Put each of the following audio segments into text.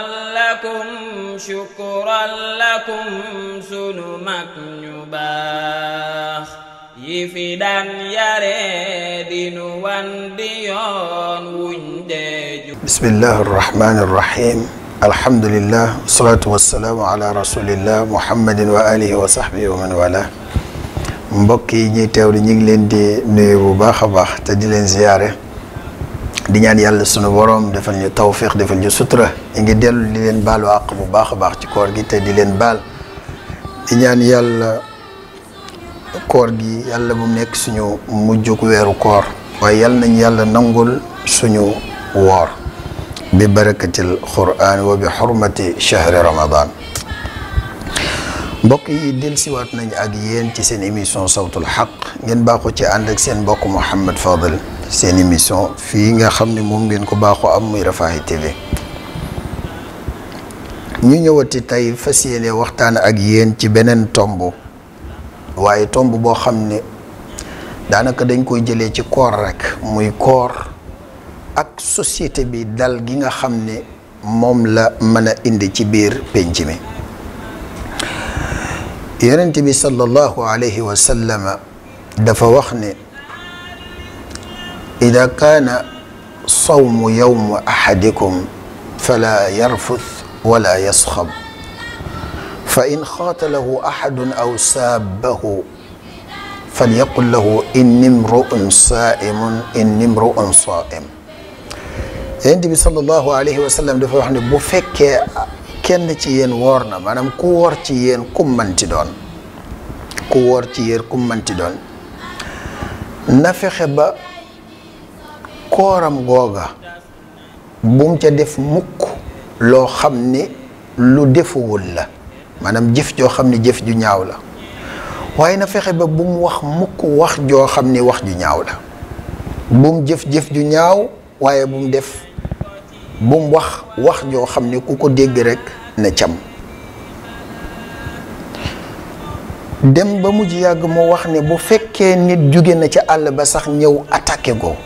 lakum shukran lakum sunu mag ñu baax yi fi daan yare dinu wan di yoon wuñ deeju bismillah arrahman arrahim alhamdulillah wasalaatu wasalaamu ala rasulillah muhammadin wa alihi wa sahbihi wa man wala mbokk yi ñuy teewlu ñu ngi leen di nuyu bu baax a baax te di leen ziyaare di ñaan yàlla sunu borom defal ñu tawféex defal ñu sutura ñu ngi dellu di leen baalu àq bu baax a baax ci koor gi te di leen baal di ñaan yàlla koor gi yàlla bu nekk suñu mujjuk weeru koor waaye yàlla nañ yàlla nangul suñu woor bi barakatil quraan wa bi xurmati chahri ramadan mbokk yi nañ ak yéen ci seen émission sawtul xaq ngeen baaxu ci ànd ak seen mbokk Mouhamed Fadel seeni mission fii nga xam ne moom ngeen ko baaxoo am muy Rafah TV ñu ñëwati tey fas yéene waxtaan ak yéen ci beneen tomb waaye tomb boo xam ne daanaka dañ koy jëlee ci koor rek muy koor ak societé bi dal gi nga xam ne moom la mën a indi ci biir penc mi yonent bi sallallahu alayhi wa dafa wax ne إذا كان صوم يوم أحدكم فلا يرفث ولا يصخب فإن خاتله أحد أو سابه فليقل له إني امرؤ صائم إني امرؤ صائم yonent bi sallallahu alayhi wa sallam dafa wax ne bu fekkee kenn ci yéen woor na maanaam ku woor ci yéen ku manti doon ku woor ci yéen ku manti doon na fexe ba kooram googa mu ca def mukk loo xam ni lu defewul la maanaam jëf joo xam ne jëf ju ñaaw la waaye na fexe ba bum wax mukk wax joo xam ne wax ju ñaaw la mu jëf jëf ju ñaaw waaye bum def bum wax wax joo xam ne ku ko dégg rekk na cam dem ba mujj yàgg mu wax ne bu fekkee nit jóge na ca àll ba sax ñëw attaqué ko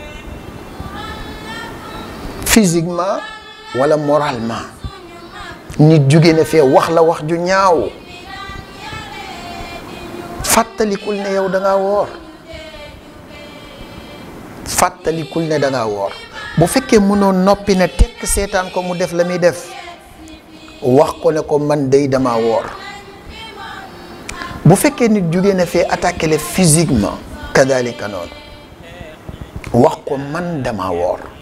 physiquement walla moralement nit jóge na fee wax la wax ju ñaaw fàttalikul ne yow da woor fàttalikul ne da woor bu fekkee mënoo noppi na tekk seetaan ko mu def la muy def wax ko ne ko man day dama woor bu fekkee nit jóge na fee attaqué le physiquement kadalika noonu wax ko man dama woor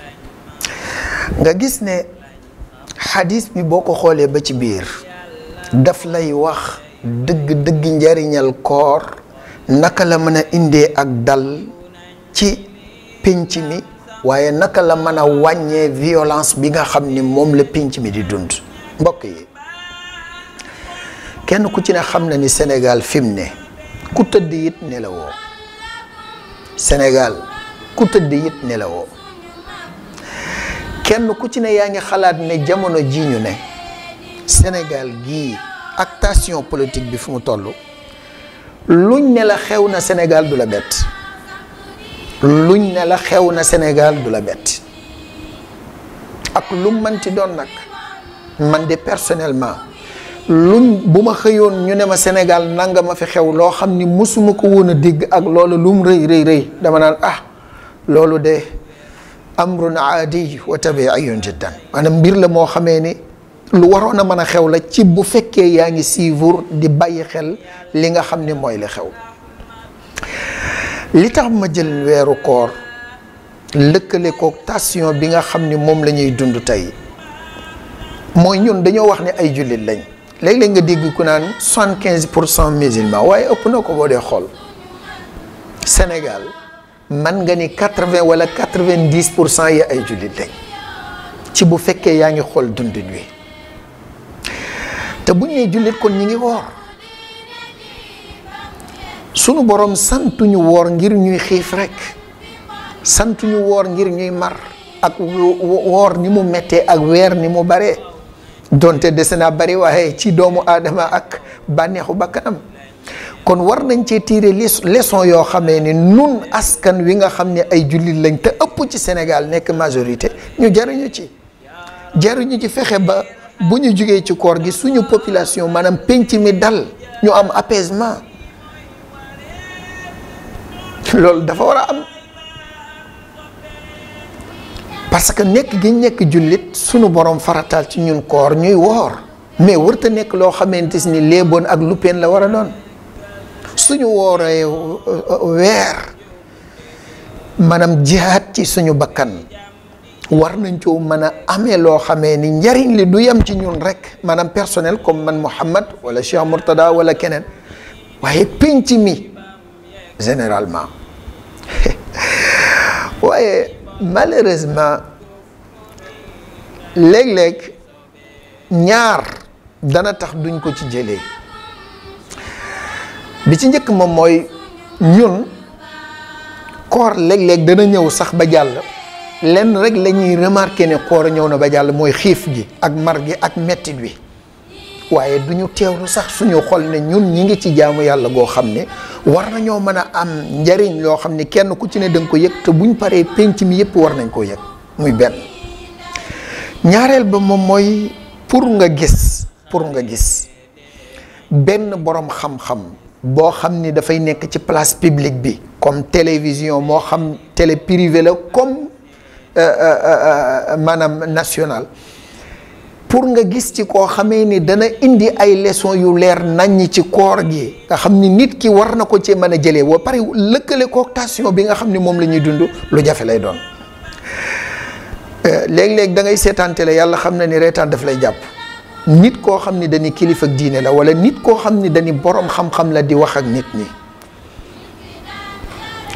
nga gis ne xadis bi boo ko xoolee ba ci biir daf lay wax dëgg-dëgg njariñal koor naka la mën a indee ak dal ci pénc mi waaye naka la mën a wàññee violence bi nga xam ni moom la pinc mi di dund mbokk yi kenn ku ci ne xam na ni Sénégal fim ne ku tëdd it nelawoo Sénégal ku tëdd it nelawoo kenn ku ci ne yaa ngi xalaat ne jamono ji ñu ne Sénégal gii ak tension politique bi fu mu toll luñ ne la xew na Sénégal du la bett luñ ne la xew na Sénégal du la bett ak lu mënti doon nag man de personnellement luñ bu ma xëyoon ñu ne ma Sénégal nanga ma fi xew loo xam ni mosuma ko woon a dégg ak loolu lum rëy rëy rëy dama naan ah loolu de. amrun aadi wa tabiiyun jiddan maanaam mbir la moo xamee ni lu waroon a mën a xew la ci bu fekkee yaa ngi suivre di bàyyi xel li nga xam ni mooy la xew li tax ma jël weeru koor lëkkale koog tension bi nga xam ni moom la ñuy dund tey mooy ñun dañoo wax ne ay jullit lañ léeg lañ nga dégg ku naan soixante quinze pour cent musulman waaye ëpp na ko boo dee xool Sénégal man nga ni quatre-vingt wala quatre vingt pour cent ya ay jullit lañ ci bu fekkee yaa ngi xool dund wi te bu ñuy jullit kon ñi ngi woor sunu borom santuñu woor ngir ñuy xiif rekk santuñu woor ngir ñuy mar ak woor ni mu mettee ak weer ni mu bare donte dese naa bari waaye ci doomu aadama ak bànneexu bakkanam kon war nañ cee tirer leçon yoo xamee ni nun askan wi nga xam ne ay jullit lañ te ëpp ci Sénégal nekk majorité ñu jariñu ci jariñu ci fexe ba bu ñu jugee ci koor gi suñu population maanaam penc mi dal ñu am apaisement loolu dafa war a am parce que nekk gi nekk jullit suñu borom farataal ci ñun koor ñuy woor mais wërta nekk loo xamante ni léeboon ak lu peen la war a doon suñu wooree uh, uh, weer maanaam jihaat ci suñu bakkan war nañ coo mën a amee loo xamee ni njariñ li du yem ci ñun rek maanaam personnel comme man Mouhammad wala Cheikh Mourtada wala keneen waaye pénc mi généralement waaye malheureusement léeg-léeg ñaar dana tax duñ ko ci jëlee bi ci njëkk moom mooy ñun koor léeg-léeg dana ñëw sax ba jàll lenn rek lañuy ñuy remarqué ne koor ñëw na ba jàll mooy xiif gi ak mar gi ak mettit wi waaye du ñu teewlu sax suñu xol ne ñun ñi ngi ci jaamu yàlla goo xam ne war na ñoo mën a am njariñ loo xam ne kenn ku ci ne danga ko yëg te buñ paree penc mi yëpp war nañ koo yëg muy benn ñaareel ba moom mooy pour nga gis pour nga gis benn borom xam-xam boo xam ni dafay nekk ci place piblique bi comme télévision moo xam télé privé la comme euh, euh, euh, maanaam national pour nga gis ci koo xamee ni dana indi ay leçons yu leer naññ ci koor gi nga xam ni nit ki war na ko ci mën a jëlee ba pare lëkkale cooptation bi nga xam ni moom la ñuy dund lu jafe lay doon léeg-léeg da ngay seetaan télé yàlla xam na ni reetaan daf lay jàpp nit koo xam ne dañuy kilifa ak diine la wala nit koo xam ne dañuy borom xam-xam la di wax ak nit ñi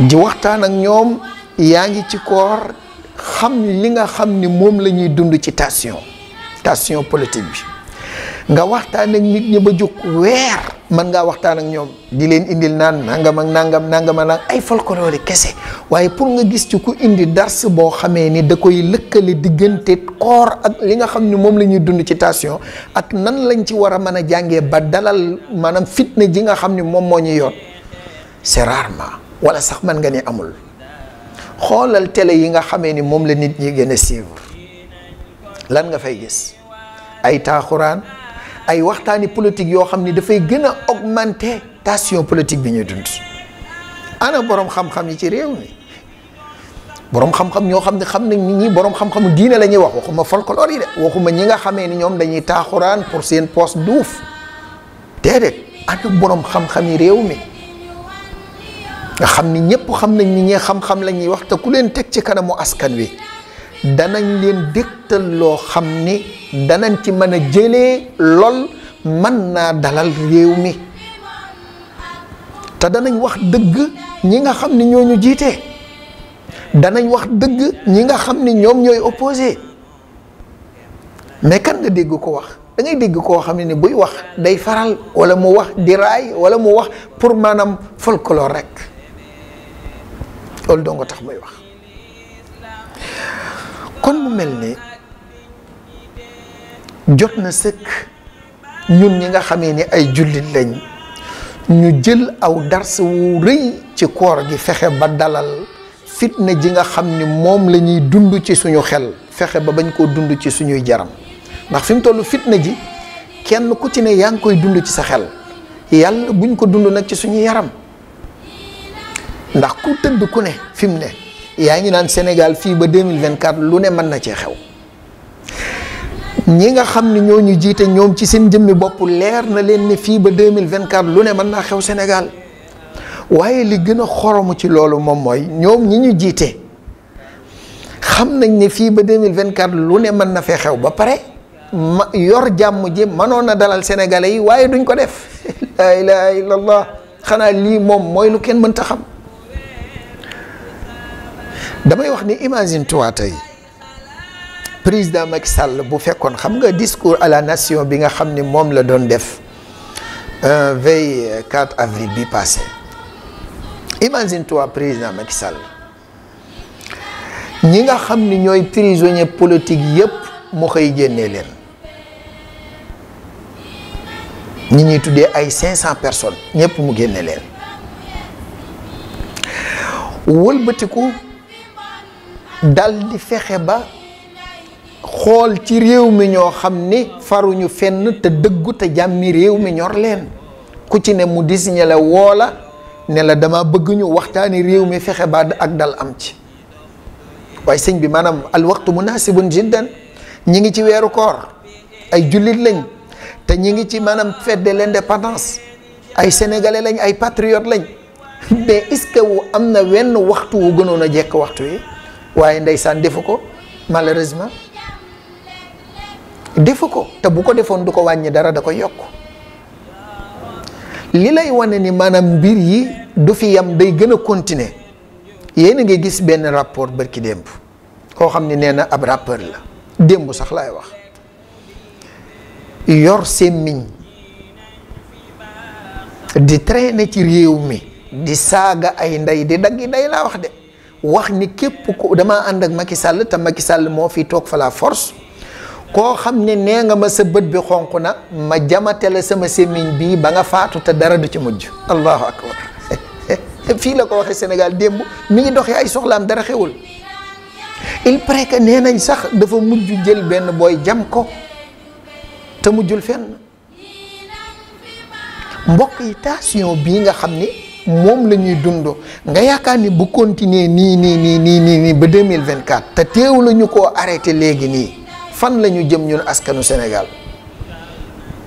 di waxtaan ak ñoom yaa ngi ci koor xam li nga xam ni moom la ñuy dund ci tension tension politique bi nga waxtaan ak nit ñi ba jóg weer mën ngaa waxtaan ak ñoom di leen indil naan nangam ak nangam nangam ak ay folklore kese waaye pour nga gis ci ku indi dars boo xamee ni da koy lëkkale diggante koor ak li nga xam ni moom la ñuy dund ci tension ak nan lañ ci war a mën a jàngee ba dalal maanaam fitna ji nga xam ni moom moo ñu yoon c'est rarement wala sax mën nga ni amul xoolal télé yi nga xamee ni moom la nit ñi gën a suivre lan nga fay gis ay taaxuraan ay waxtaani politique yoo xam ni dafay gën a augmenter tension politique bi ñuy dund ana borom xam-xam yi ci réew mi borom xam-xam ñoo xam ne xam nañ nit borom xam-xamu diine la ñuy wax waxuma folklore yi de waxuma ñi nga xamee ni ñoom dañuy taaxuraan pour seen poste duuf déedéet ana borom xam-xam yi réew mi nga xam ni ñëpp xam nañ ni ñee xam-xam la ñuy wax te ku leen teg ci kanamu askan wi. danañ leen dégtal loo xam ni danañ ci mën a jëlee lool man naa dalal réew mi te danañ wax dëgg ñi nga xam ni ñoo jiite danañ wax dëgg ñi nga xam ni ñoom ñooy opposé mais kan nga dégg ko wax dangay dégg koo xam ne ni buy wax day faral wala mu wax di raay wala mu wax pour maanaam folklore rek loolu doo nga tax muy wax. kon mu mel ni jot na sëkk ñun ñi nga xamee ni ay jullit lañ ñu jël aw dars wu rëy ci koor gi fexe ba dalal fitna ji nga xam ni moom lañuy ñuy dund ci suñu xel fexe ba bañ koo dund ci suñuy jaram ndax fi mu toll fitna ji kenn ku ci ne yaa ngi koy dund ci sa xel yàlla buñ ko dund nag ci suñu yaram ndax ku tëdd ku ne fi mu ne yaa ngi naan Sénégal fii ba 2024 lu ne mën na cee xew ñi nga xam ni ñoo ñu jiite ñoom ci seen jëmmi bopp leer na leen ne fii ba 2024 lu ne mën naa xew Sénégal waaye li gëna a xoromu ci loolu moom mooy ñoom ñi ñu jiite xam nañ ne fii ba 2024 lu ne mën na fee xew ba pare yor jàmm ji manoon a dalal sénégalais yi waaye duñ ko def la ilaha illallah xanaa lii moom mooy lu kenn mënta xam damay wax ni imagine toi président Macky Sall bu fekkoon xam nga discours à la nation bi nga xam ni moom la doon def veille 4 avril bi passé imagine toi président Macky ñi nga xam ni ñooy prisonnier politique yépp mu xëy génnee leen ñi ñuy tuddee ay 500 personnes ñépp mu génne leen wëlbatiku dal di fexe ba xool ci réew mi ñoo xam ni faruñu fenn te dëggu te jàmmi réew mi ñor leen ku ci ne mu désigné la woo ne la dama bëgg ñu waxtaani réew mi fexe ba ak dal am ci waaye sëñ bi maanaam alwaqtu munasibun jiddan ñi ngi ci weeru koor ay jullit lañ te ñi ngi ci maanaam fête de l'indépendance ay sénégalais lañ ay patriotes lañ mais est-ce que wu am na wenn waxtu wu gënoon a jekk waxtu yi waaye ndeysaan defu ko malheureusement defu ko te bu ko defoon du ko wàññi dara da ko yokk li lay wane ni maanaam mbir yi du fi yam day gën a continuer yéen a ngi gis benn rapport bërki démb koo xam ni nee na ab rappeur la démb sax laay wax yor semmiñ di traîner ci réew mi di saaga ay ndey di daggi day laa wax de wax ni képp ku damaa ànd ak Macky Sall te Macky Sall moo fi toog fa la force koo xam ne nee nga ma sa bët bi xonq na ma jamate la sama sémmiñ bii ba nga faatu te dara du ci mujj allahu akbar fii la ko waxee Sénégal démb mi ngi doxee ay soxlaam dara xewul il paraît que nee nañ sax dafa mujj jël benn booy jam ko te mujjul fenn mbokk yi tension bii nga xam ni moom la ñuy dund nga yaakaar ni bu continuer nii nii nii nii nii nii ba 2024 te teew la ñu koo arrêté léegi nii fan la ñu jëm ñun askanu senegal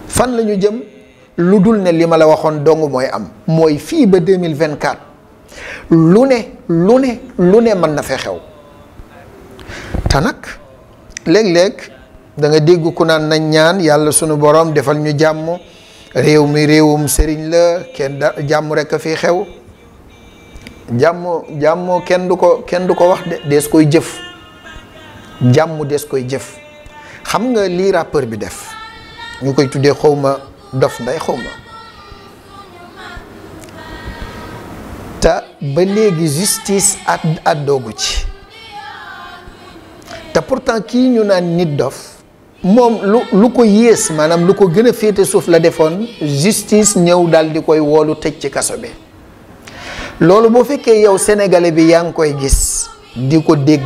fan la ñu jëm lu dul ne li ma la waxoon dong mooy am mooy fii ba mille vingt 2024 lu ne lu ne lu ne mën na fa xew te nag léeg danga dégg ku naan nañ ñaan yàlla sunu borom defal ñu jàmm réew mi réewum sëriñ la kenn da jàmm rek a fi xew jàmm jàmm kenn du ko kenn du ko wax de dees koy jëf jàmm dees koy jëf xam nga lii rappeur bi def ñu koy tuddee ma dof nday xawma te ba léegi justice at àddoogu ci te pourtant kii ñu naan nit dof moom lu lu ko yées maanaam lu ko gën a féete suuf la defoon justice ñëw daal di koy woolu tëj ci kaso bi loolu boo fekkee yow sénégalais bi yaa ngi koy gis di ko dégg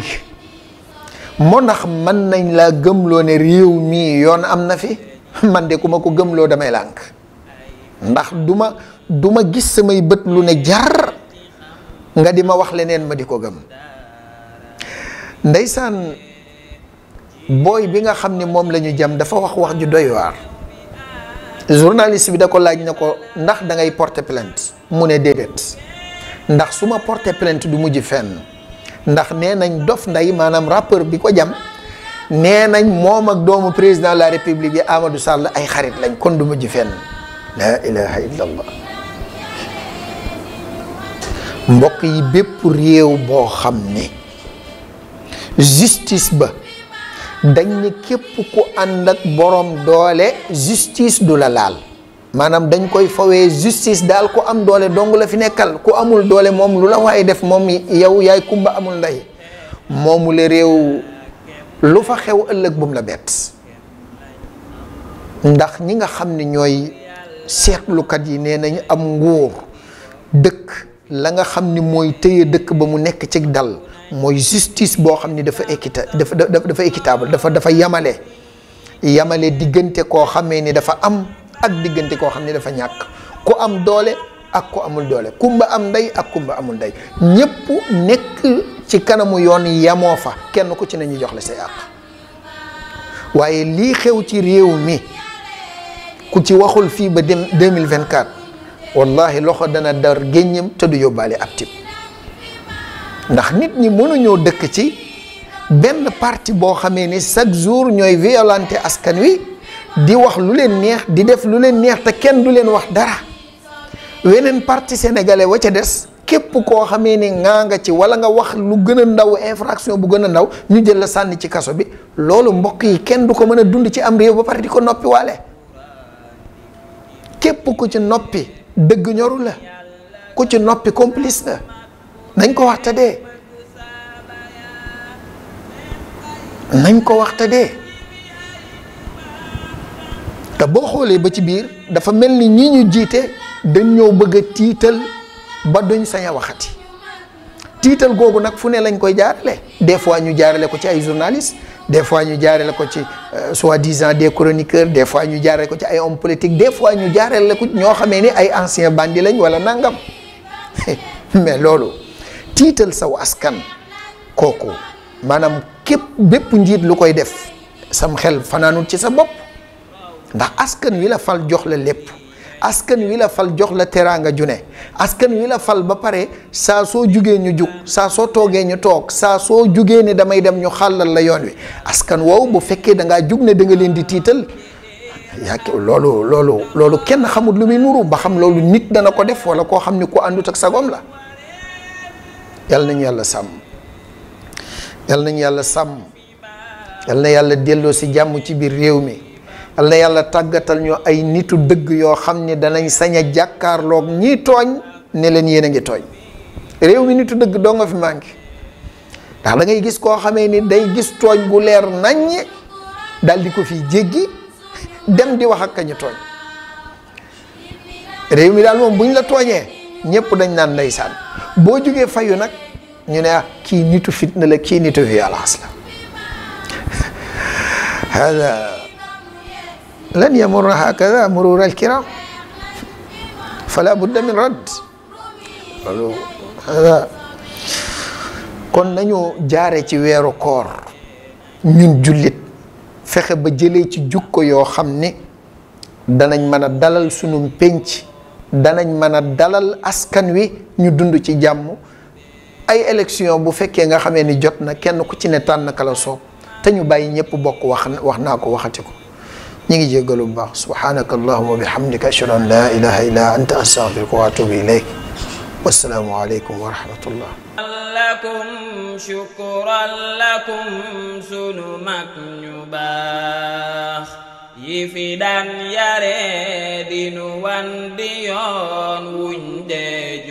moo ndax man nañ laa gëmloo ne réew mii yoon am na fi man de ku ma ko gëmloo damay lànk ndax du ma du gis samay bët lu ne jar nga di ma wax leneen ma di ko gëm ndeysaan booy bi nga xam ni moom la ñu jam dafa wax wax ju doy waar journaliste bi da ko laaj na ko ndax dangay ngay porter plainte mu ne déedéet ndax suma ma porter plainte du mujj fenn ndax nee nañ Dof Ndeye maanaam rappeur bi ko jam nee nañ moom ak doomu président la république bi Amadou Sall ay xarit lañ kon du mujj fenn laa ilaha illallah mbokk yi bépp réew boo xam ne justice ba dañ ne képp ku ànd ak borom doole justice du la laal maanaam dañ koy fawee justice daal ku am doole dong la fi nekkal ku amul doole moom lu la waaye def moom yow yaay kumba amul ndey moomu la réew lu fa xew ëllëg bum la bett ndax ñi nga xam ni ñooy seetlukat yi nee nañ am nguur dëkk la nga xam ni mooy téye dëkk ba mu nekk ci dal mooy justice boo xam ni dafa équita dafa dafa équitable dafa dafa yamale yamale diggante koo xamee ni dafa am ak diggante koo xam ni dafa ñàkk ku am doole ak ku amul doole kumba am ndey ak kumba amul ndey ñëpp nekk ci kanamu yoon yamoo fa kenn ku ci nañu jox la say àq waaye lii xew ci réew mi ku ci waxul fii ba dem 2024 wallahi loxo dana dar géññam te du yóbbaale ab tib ndax nit ñi mënuñoo dëkk ci benn parti boo xamee ni chaque jour ñooy violenter askan wi di wax lu leen neex di def lu leen neex te kenn du leen wax dara weneen parti sénégalais wa ca des képp koo xamee ni ngaa nga ci wala nga wax lu gën a ndaw infraction bu gën a ndaw ñu jël la sànni ci kaso bi loolu mbokk yi kenn du ko mën a dund ci am réew ba pare di ko noppi waale képp ku ci noppi dëgg ñoru la ku ci noppi complice la nañ ko wax te dee nañ ko wax te te boo xoolee ba ci biir dafa mel ni ñi ñu jiite dañ ñoo bëgg a tiital ba duñ sañ a waxati tiital googu nag fu ne lañ koy jaarale des fois ñu jaarale ko ci ay journalistes des fois ñu jaarale ko ci euh, soi-disant des chroniqueurs des fois ñu jaarale ko ci ay hommes politique des fois ñu jaarale ko ñoo xamee ni ay anciens bandits lañ wala nangam mais loolu. tiital saw askan kooku maanaam képp bépp njiit lu koy def sam xel fanaanul ci sa bopp ndax askan wii la fal jox la lépp askan wi la fal jox la teraanga june askan wi la fal ba pare saa soo jugee ñu jug saa soo toogee ñu toog saa soo jugee ni damay dem ñu xàllal la yoon wi askan woow bu fekkee dangaa jug ne da nga leen di tiital loolu loolu loolu kenn xamut lu muy nuru ba xam loolu nit dana ko def wala koo xam ni ku àndut ak sagoom la yàlla nañu yàlla sàmm yàlla nañu yàlla sàmm yàlla na yàlla delloo si jàmm ci biir réew mi yàlla na yàlla tàggatal ñu ay nitu dëgg yoo xam ne danañ saña jàkkaarlook ñi tooñ ne leen yéen ngi tooñ réew mi nitu dëgg doo nga fi manqué ndax dangay gis koo xamee ni day gis tooñ gu leer naññ daldi ko fii jéggi dem di wax ak kañu tooñ réew mi daal moom buñ la tooñee ñëpp dañ naan ndeysaan boo jugee fayu nag ñu ne ah kii nitu fitna la kii nitu violence la hada lan yamurra hakada murur alkiram fala budda min radd kon nañu jaare ci weeru koor ñun jullit fexe ba jëlee ci jukko yoo xam ne danañ mën a dalal sunum penc danañ mën a dalal askan wi ñu dund ci jàmm ay élection bu fekkee nga xamee ni jot na kenn ku ci ne tànn kala soob te ñu bàyyi ñëpp bokk wax wax naa ko waxati ko ñu ngi jéggalu bu baax subhanaka allahuma wa bihamdika ashhadu an la ilaha illa anta astaghfiruka wa atubu ilayk والسلام عليكم ورحمة الله لكم yi fi daan yare di nu di yoon wuñ dee